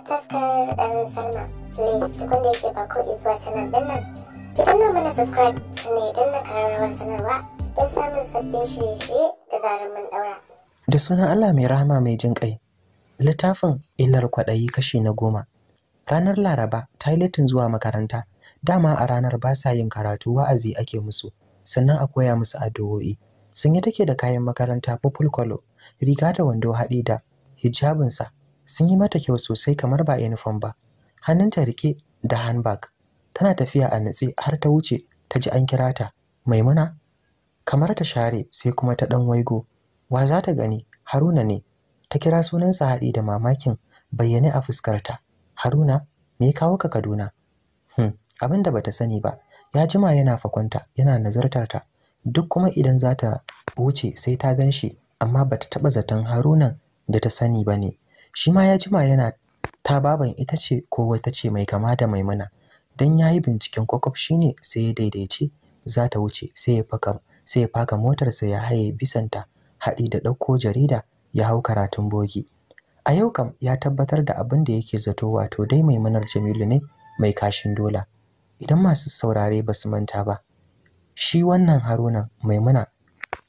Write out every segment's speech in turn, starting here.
da taskar ɗan salma please duk wanda yake ba ko zuwa canal ɗin nan mana subscribe sannan idan na kararrawar sanarwa don samun sabbin shirye-shirye da zarar mun ɗaura. da sunan allah mai rahama mai jin ƙai littafin illar kwaɗayi kashi na goma ranar laraba ta yi litin zuwa makaranta dama a ranar ba sa yin karatu wa'azi ake musu sannan a koya musu addu'o'i sun yi take da kayan makaranta purple color riga da wando haɗi da hijabinsa sun yi mata kyau sosai kamar ba uniform ba hannunta rike da handbag tana tafiya a natse har ta wuce ta ji an kira ta maimuna kamar ta share sai kuma ta dan waigo wa za ta gani haruna ne ta kira sunansa haɗi da mamakin bayyane a fuskarta haruna me ya kawo ka kaduna hmm. abin da bata sani ba ya jima yana fakonta yana nazartar ta duk kuma idan za ta wuce sai ta gan shi amma bata taɓa zaton harunan da ta sani ba ne shi ma ya jima yana ta baban ita ce ko wata ce mai kama da maimuna Don ya yi binciken kwakwaf shi ne sai ya daidaice za ta wuce sai ya faka sai ya faka motarsa ya haye bisanta haɗi da ɗauko jarida ya hau karatun bogi a yau kam ya tabbatar da abin da yake zato wato dai maimunar jamilu ne mai kashin dola idan masu saurare ba su manta ba shi wannan harunan maimuna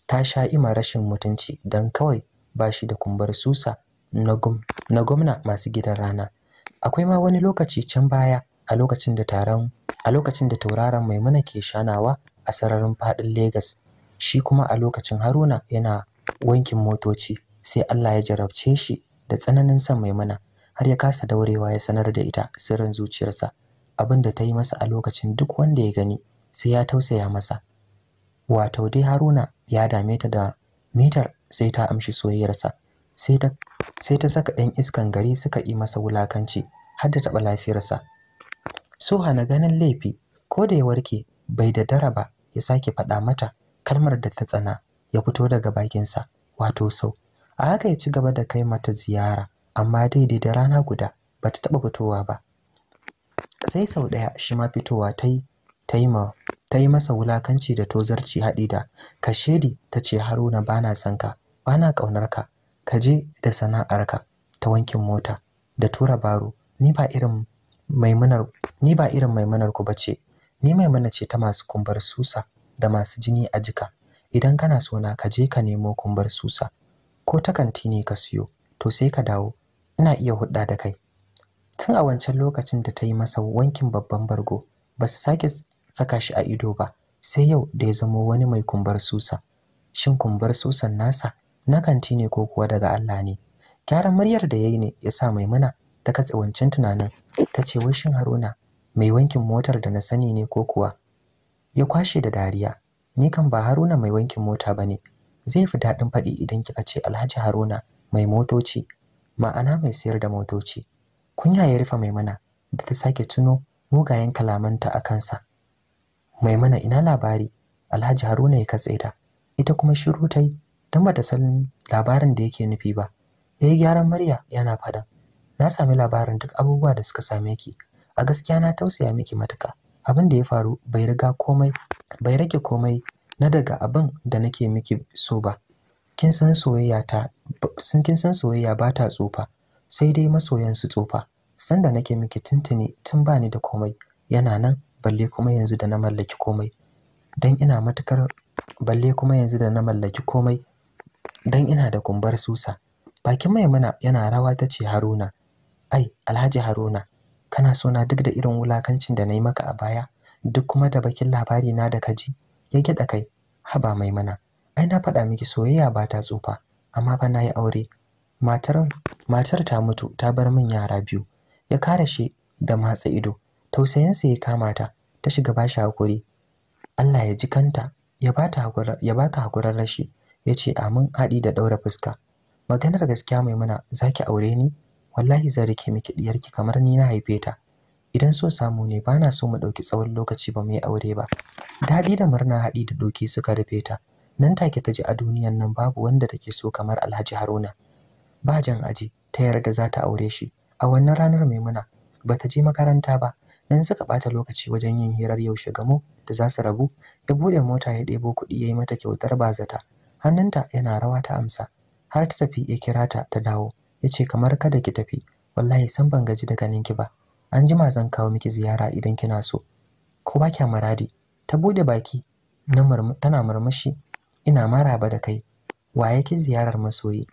ta sha ima rashin mutunci don kawai ba shi da kumbar susa na gwamna masu gidan rana akwai ma wani lokaci can baya a lokacin da taron a lokacin da tauraron maimuna ke shanawa a sararin fadin Legas shi kuma a lokacin Haruna yana wankin motoci sai Allah ya jarabce shi da tsananin son maimuna har ya kasa daurewa ya sanar da ita sirrin zuciyarsa abin da ta yi masa a lokacin duk wanda ya gani sai ya tausaya masa wato dai Haruna ya dame ta da mitar sai ta amshi soyayyarsa sai ta sai ta saka ɗan iskan gari suka yi masa wulakanci har da taɓa lafiyarsa so hana ganin laifi ko da ya warke bai da dara ba ya sake faɗa mata kalmar da ta tsana ya fito daga bakinsa wato sau a haka ya ci gaba da kai mata ziyara amma daidai da rana guda ba ta taɓa fitowa ba sai sau ɗaya shi ma fitowa ta yi ta yi masa wulakanci da tozarci haɗi da kashedi ta ce haruna bana sanka bana ka ƙaunar ka ka je da sana'arka ta wankin mota da tura baro ni ba irin maimunar ni ba irin maimunar ku bace ni maimuna ce ta masu kumbar susa da masu jini a jika idan kana so na ka je ka nemo kumbar susa ko ta kanti ne ka siyo to sai ka dawo ina iya hudda da kai tun a wancan lokacin da ta yi masa wankin babban bargo ba su sake saka shi a ido ba sai yau da ya zamo wani mai kumbar susa shin kumbar susan nasa na kanti ne ko kuwa daga Allah ne gyaran muryar da yayi ne ya sa maimuna ta katse wancan tunanin ta ce wai shin haruna mai wankin motar da na sani ne ko kuwa ya kwashe da dariya ni kan ba haruna mai wankin mota ba ne zai fi daɗin faɗi idan kika ce alhaji haruna mai motoci ma'ana mai sayar da motoci kunya ya rufe maimuna da ta sake tuno mugayen kalamanta a kansa maimuna ina labari alhaji haruna ya katse ta ita kuma shiru ta yi don bata san labarin da yake nufi ba ya yi gyaran murya yana fada na sami labarin duk abubuwa da suka same ki a gaskiya na tausaya miki matuka abin da ya faru bai riga komai bai rage komai na daga abin da nake miki so ba kin san soyayya ta sun kin san soyayya ba ta tsofa, sai dai masoyan su tsufa sanda nake miki tuntuni tun bani da komai yana nan balle kuma yanzu da na mallaki komai dan ina matukar balle kuma yanzu da na mallaki komai don ina da kumbar susa bakin maimuna yana rawa ta ce haruna ai alhaji haruna kana so duk da irin wulakancin da na yi maka a baya duk kuma da bakin labari na da kaji ya gyaɗa kai haba maimuna ai na faɗa miki soyayya ba ta tsufa amma fa na yi aure matar matar ta mutu ta bar min yara biyu ya kare shi da matsa ido tausayinsa ya kama ta ta shiga bashi hakuri Allah ya ji kanta ya bata ya baka hakurin rashi ya ce amin haɗi da ɗaura fuska maganar gaskiya mai maimuna za ki aure ni wallahi zan rike miki ki kamar ni na haife ta idan so samu ne bana so mu ɗauki tsawon lokaci ba mu yi aure ba daɗi da murna haɗi da doki suka rufe ta nan take ta ji a duniyan nan babu wanda take so kamar alhaji haruna ba jan aji ta yarda za ta aure shi a wannan ranar maimuna ba ta je makaranta ba nan suka ɓata lokaci wajen yin hirar yaushe gamo da za su rabu ya buɗe mota ya ɗebo kuɗi ya yi mata kyautar bazata hannunta yana rawa ta amsa har ta tafi ya kira ta ta dawo ya ce kamar kada ki tafi wallahi san ban gaji da ganin ki ba an jima zan kawo miki ziyara idan kina so ko ba kya muradi ta bude baki tana murmushi ina mara ba da kai wa yake ziyarar masoyi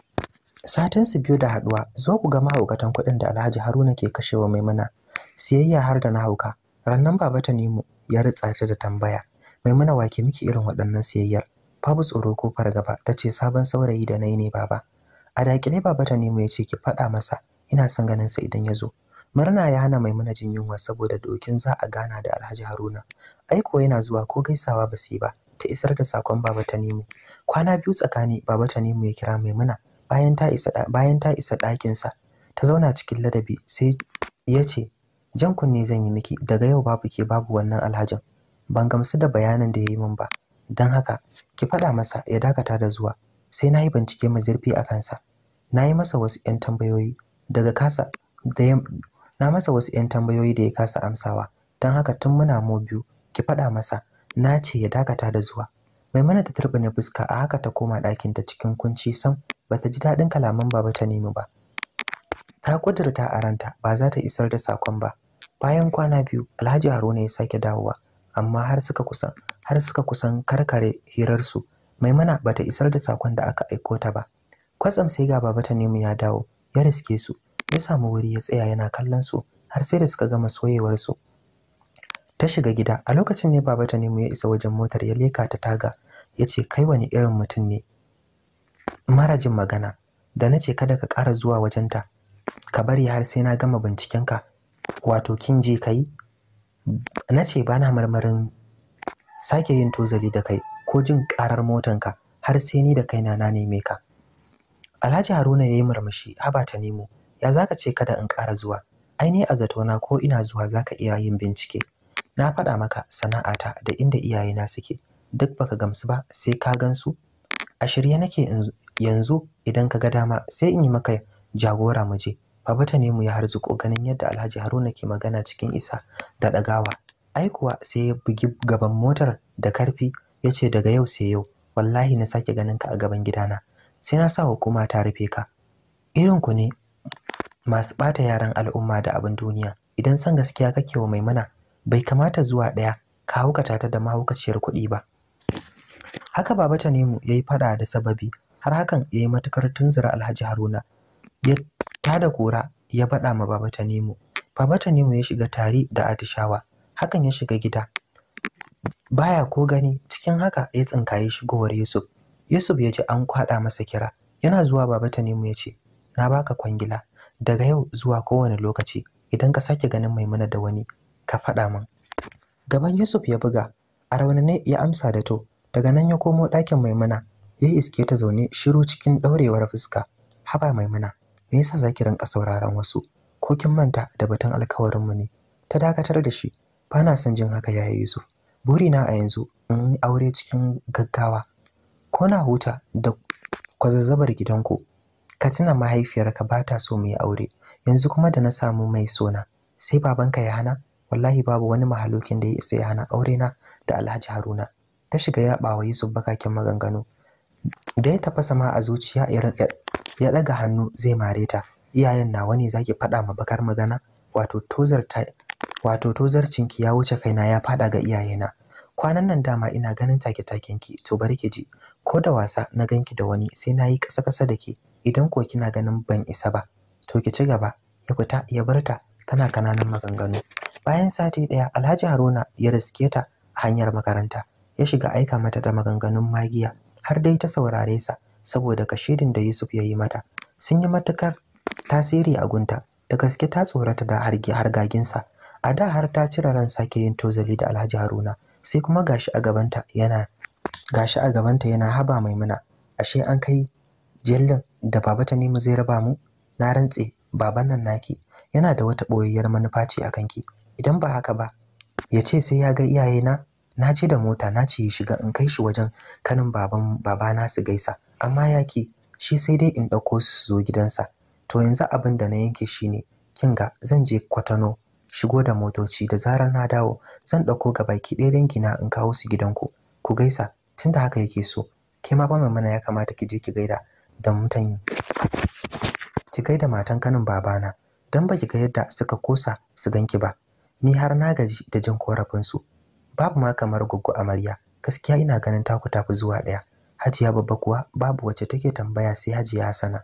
satin su biyu da haduwa zo ku ga mahaukatan kuɗin da Alhaji Haruna ke kashewa Maimuna siyayya har da na hauka rannan baba ta nemo ya ritsa ta da tambaya Maimuna wake miki irin waɗannan siyayyar babu tsoro ko fargaba ta ce sabon saurayi da nai ne baba a dakile baba ta nemo ya ce ki faɗa masa ina son ganin sa idan ya zo murna ya hana maimuna jin yunwa saboda dokin za a gana da alhaji haruna aiko yana zuwa ko gaisawa ba su ba ta isar da sakon baba ta nemo kwana biyu tsakani baba ta nemo ya kira maimuna bayan ta isa bayan ta isa ɗakinsa ta zauna cikin ladabi sai ya ce jan kunne zan yi miki daga yau babu ke babu wannan alhajin ban gamsu da bayanin da ya yi min ba don haka ki faɗa masa ya dakata da zuwa sai na yi bincike mai zurfi a kansa na yi masa wasu 'yan tambayoyi daga kasa da ya na masa wasu 'yan tambayoyi da ya kasa amsawa don haka tun muna mu biyu ki faɗa masa na ce ya dakata da zuwa mai mana ta turbine fuska a haka ta koma ta cikin kunci sam ta ji daɗin kalaman baba ta nemi ba ta kudurta a ranta ba za ta isar da sakon ba bayan kwana biyu alhaji haruna ya sake dawowa amma har suka kusan har suka kusan karkare hirarsu mai maimuna ta isar da sakon da aka aiko ta ba kwatsam sai ga baba Nemu ya dawo ya riske su ya samu wuri ya tsaya yana kallon su har sai da suka gama soyewar su ta shiga gida a lokacin ne baba nemu ya isa wajen motar ya leka ta taga ya ce kai wani irin mutum ne Marajin magana da na ce kada ka ƙara zuwa wajenta ka bari har sai na gama bincikenka wato kin je ka yi na ce ba na marmarin sake yin tozali da kai ko jin karar motanka har sai ni da kaina na neme ka Alhaji Haruna yayi murmushi haba ta nemo ya zaka ce kada in ƙara zuwa ai ni a zatona ko ina zuwa zaka iya yin bincike na faɗa maka sana'ata da inda iyayena suke duk baka gamsu ba sai ka gansu a shirye nake yanzu idan ka ga dama sai in yi maka jagora muje je nemu ya harzuko ganin yadda Alhaji Haruna ke magana cikin isa da ɗagawa ai kuwa sai ya bugi gaban motar da karfi ya ce daga yau sai yau wallahi na sake ganin ka a gaban gidana sai na sa hukuma ta rufe ka irin ku ne masu ɓata yaran al'umma da abin duniya idan san gaskiya kake wa maimuna bai kamata zuwa ɗaya ka haukata ta da mahaukaciyar kuɗi ba haka baba Tanimu ya yi faɗa da sababi har hakan ya yi matukar tunzura alhaji haruna ya tada kura ya faɗa ma baba Tanimu. baba Tanimu ya shiga tari da atishawa hakan ya shiga gida baya ko gani cikin haka ya tsinkaye shigowar Yusuf Yusuf ya ji an kwaɗa masa kira yana zuwa baba ta nemu ya ce na baka kwangila daga yau zuwa kowane lokaci idan ka sake ganin maimuna da wani ka faɗa min gaban Yusuf ya buga a ne ya amsa da to daga nan ya komo ɗakin maimuna ya iske ta zaune shiru cikin ɗaurewar fuska haba maimuna me yasa zaki rinka sauraron wasu ko kin manta da batun mu ne ta dakatar da shi ba na son jin haka yayi Yusuf na a yanzu in yi aure cikin gaggawa ko na huta da kwazazzabar gidanku ka tuna mahaifiyarka ba ta so mu yi aure yanzu kuma da na samu mai sona sai babanka ya hana wallahi babu wani mahalokin da ya isa ya hana aure na da Alhaji Haruna ta shiga yabawa Yusuf bakakin maganganu da ya tafasa ma a zuciya ya daga hannu zai mare ta iyayen nawa ne zaki faɗa ma bakar magana wato tozar ta wato ki ya wuce kaina ya faɗa ga iyayena kwanan nan dama ina ganin take taken ki, to bari ki ji ko da wasa na ganki da wani sai na yi kasa-kasa da ke idan ko kina ganin ban isa ba to ki ci gaba ya fita ya bar tana kananan maganganu bayan sati ɗaya alhaji haruna ya riske ta a hanyar makaranta ya shiga aika mata da maganganun magiya har dai ta saurare sa saboda kashedin da yusuf ya yi mata sun yi matukar tasiri a gunta da gaske ta tsorata da hargaginsa a da har ta cire ran sake yin tozali da Alhaji Haruna sai kuma gashi a gabanta yana gashi a gabanta yana haba maimuna ashe an kai jellin da baba ta nemi zai raba mu na rantse baban nan naki yana da wata boyayyar manufa ce akan ki idan ba haka ba ya ce sai ya ga iyayena na ce da mota na ce ya shiga in kai shi wajen kanin baban babana su gaisa amma yaki shi sai dai in ɗauko su zo gidansa to yanzu abin da na yanke shine kin ga zan je kwatano shigo da motoci da zarar na dawo zan ɗauko baki ɗaya dangina in kawo su gidanku ku gaisa tunda haka yake so ke ma ba mana ya kamata ki je ki gaida da mutane ki gaida matan kanin babana dan ki ga yadda suka kosa su ganki ba ni har na gaji da jin korafin su babu ma kamar guggu amarya gaskiya ina ganin taku tafi zuwa ɗaya hajiya babba kuwa babu wacce take tambaya sai hajiya sana.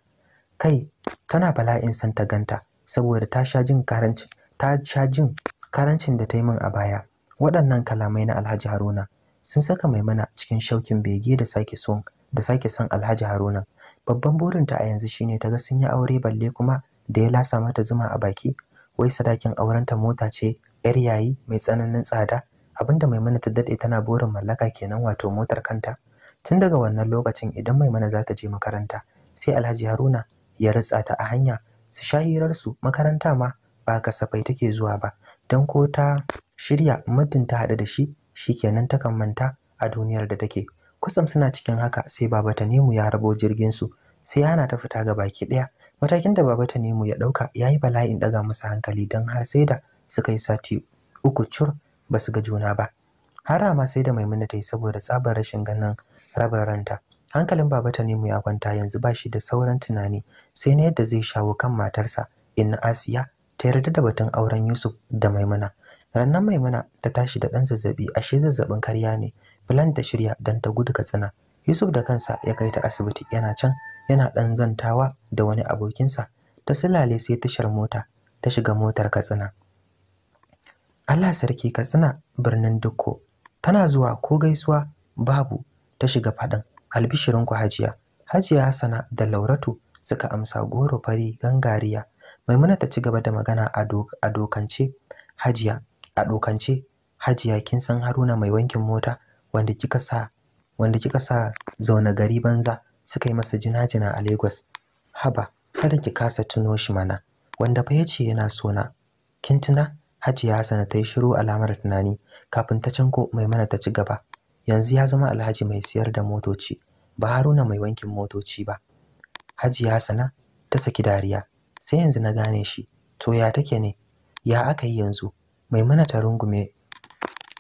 kai tana bala'in san ta ganta saboda ta sha jin karanci ta sha jin karancin da ta yi min a baya waɗannan kalamai na alhaji haruna sun saka maimuna cikin shaukin bege da sake son da sake son alhaji haruna babban burinta a yanzu shine ta ga sun yi aure balle kuma da ya lasa mata zuma a baki wai sadakin aurenta mota ce yar yayi mai tsananin tsada abinda maimuna ta daɗe tana burin mallaka kenan wato motar kanta tun daga wannan lokacin idan maimuna za ta je makaranta sai alhaji haruna ya ritsa ta a hanya su sha su makaranta ma ba kasafai take zuwa ba don ko ta shirya muddin ta haɗu da shi shikenan ta manta a duniyar da take kwatsam suna cikin haka sai baba Tanimu ya rabo jirgin su sai yana ta fita ga baki ɗaya matakin da baba nemu ya ɗauka ya yi bala'in ɗaga musu hankali don har sai da suka yi sati uku cur ba su ga juna ba har ma sai da maimuna ta yi saboda tsabar rashin ganin raba ranta hankalin baba Tanimu ya kwanta yanzu ba shi da sauran tunani sai na yadda zai shawo kan matarsa inna Asiya ta yarda da batun auren Yusuf da Maimuna. Rannan Maimuna ta tashi da ɗan zazzabi ashe zazzabin karya ne. Filan ta shirya don ta gudu Katsina. Yusuf da kansa ya kai ta asibiti yana can yana ɗan zantawa da wani abokinsa. Ta silale sai tashar mota ta shiga motar Katsina. Allah sarki Katsina birnin Dukko. Tana zuwa ko gaisuwa babu ta shiga faɗin albishirinku hajiya. Hajiya Hassana da Lauratu suka amsa goro fari gangariya maimuna ta ci gaba da magana a dokance hajiya a dokance hajiya kin san haruna mai wankin mota wanda kika sa wanda kika sa zauna gari banza suka yi masa jina-jina a lagos haba kada ki kasa tuno shi mana wanda fa yace yana sona kin tuna hajiya Hassana ta yi shiru alamar tunani kafin ta canko maimuna ta ci gaba yanzu ya zama alhaji mai siyar da motoci ba haruna mai wankin motoci ba hajiya Hassana ta saki dariya sai yanzu na gane shi to ya take ne ya aka yi yanzu maimuna ta rungume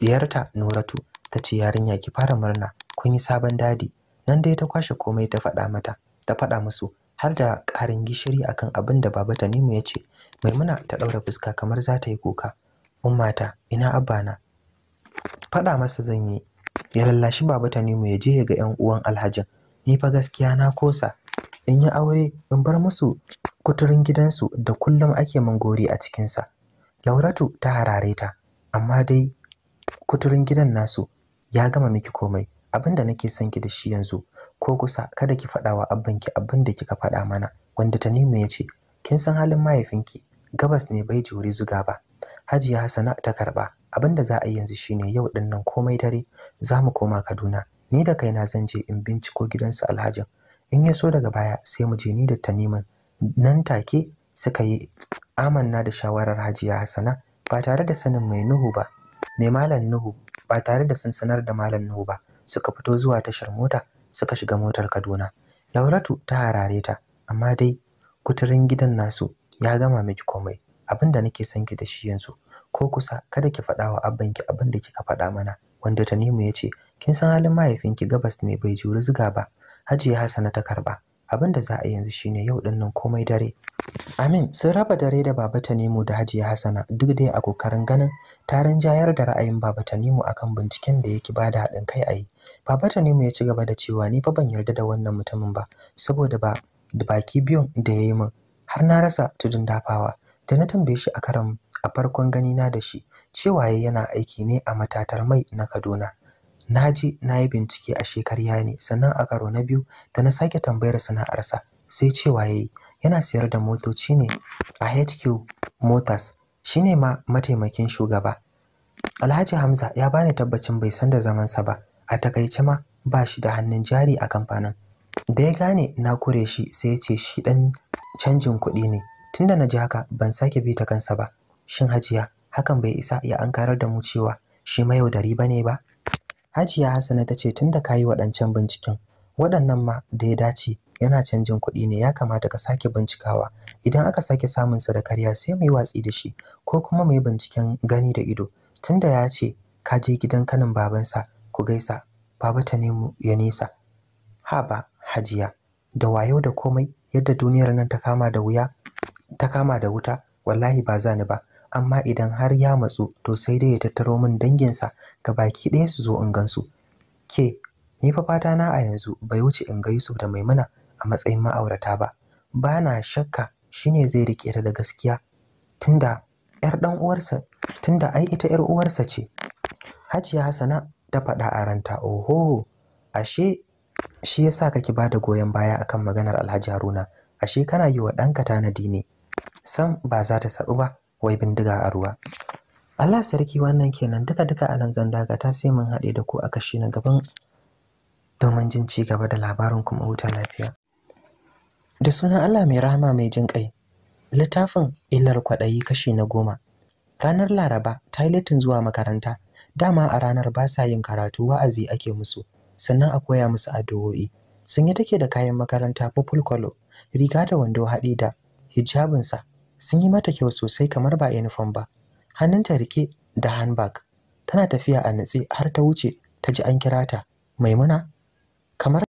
diyarta Noratu ta ce yarinya ki fara murna kun yi sabon dadi nan dai ta kwashe komai ta faɗa mata ta faɗa musu har da ƙarin gishiri akan abin da baba Tanimu ya ce maimuna ta ɗaura fuska kamar za ta yi kuka ummata ina abana faɗa masa zan yi ya lallashi baba ya je ya ga 'yan uwan alhajin ni fa gaskiya na kosa in yi aure in bar musu kuturin gidansu da kullum ake mangori a cikinsa lauratu ta harare ta amma dai kuturin gidan nasu ya gama miki komai abinda nake son ki da shi yanzu ko kusa kada ki faɗa wa abbanki abin da kika faɗa mana wanda Tanimu ya ce kin san halin mahaifinki gabas ne bai jure zuga ba Hajiya Hassana ta karba abinda za a yi yanzu shine yau din nan komai dare za mu koma Kaduna ni da kaina zan je in binciko gidansu Alhajin in ya so daga baya sai mu je ni da Taniman nan take suka yi amanna da shawarar hajiya hassana ba tare da sanin mai nuhu ba mai malam nuhu ba tare da sun sanar da malam nuhu ba suka fito zuwa tashar mota suka shiga motar kaduna lauratu ta harare ta amma dai kuturin gidan nasu ya gama miki komai abin da nake son ki da shi yanzu ko kusa kada ki faɗa wa abbanki abin da kika faɗa mana wanda tanimu ya ce kin san halin mahaifinki gabas ne bai juri ziga ba hajiya hassana ta karɓa abin da za a yanzu shine yau din nan komai dare amin sun raba dare da baba tanimu da hajiya hasana duk dai a kokarin ganin tarin jayar da ra'ayin baba tanimu akan binciken da yake bada haɗin kai a yi baba tanimu ya ci gaba da cewa ni fa ban yarda da wannan mutumin ba saboda ba baki biyun da ya yi min har na rasa tudun dafawa da na tambaye shi a karan a farkon ganina da shi cewa yana aiki ne a matatar mai na kaduna na je na yi bincike a shekarya ne sannan a karo na biyu da na sake tambayar sana'arsa sai cewa ya yi yana sayar da motoci ne a HQ Motors shi ne ma mataimakin shugaba. Alhaji Hamza ya bani tabbacin bai san da zamansa ba, a takaice ma ba shi da hannun jari a kamfanin. Da ya gane na kure shi sai ya ce shi ɗan canjin kuɗi ne, tunda na ji haka ban sake bi ta kansa ba. Shin hajiya hakan bai isa ya ankarar da mu cewa shi mayaudari ba ne ba? Hajiya Hassana ta ce tunda ka yi waɗancan binciken waɗannan ma da ya dace yana canjin kuɗi ne ya kamata ka sake bincikawa idan aka sake samun sa da karya sai mu yi watsi da shi ko kuma mu yi binciken gani da ido tunda ya ce ka je gidan kanin babansa ku gaisa baba ta nemo ya nesa haba hajiya da wayo da komai yadda duniyar nan ta kama da wuya ta kama da wuta wallahi ba za ni ba amma idan har ya matsu to sai dai ya tattaro min danginsa ga baki ɗaya su zo in gansu ke ni fa fata na a yanzu bai wuce in ga Yusuf da Maimuna a matsayin ma'aurata ba ba na shakka shine zai rike ta da gaskiya tunda yar dan uwarsa tunda ai ita yar uwarsa ce Hajiya Hassana ta faɗa a ranta oho ashe shi yasa kake bada goyon baya akan maganar Alhaji Haruna ashe kana yi wa ɗanka tanadi ne sam ba za ta saɗu ba wai bindiga a ruwa Allah sarki wannan kenan duka duka a nan zan ta, sai mun haɗe da ku a kashi na gaban domin jin ci gaba da labarin kuma huta lafiya da sunan Allah mai rahama mai jin kai littafin illar kwaɗayi kashi na goma ranar laraba ta yi zuwa makaranta dama a ranar ba sa yin karatu wa'azi ake musu sannan a koya musu addu'o'i sun yi take da kayan makaranta purple color riga da wando haɗi da hijabinsa sun yi mata kyau sosai kamar ba uniform ba hannunta rike da handbag tana tafiya a natse har ta wuce ta ji an kira ta maimuna kamar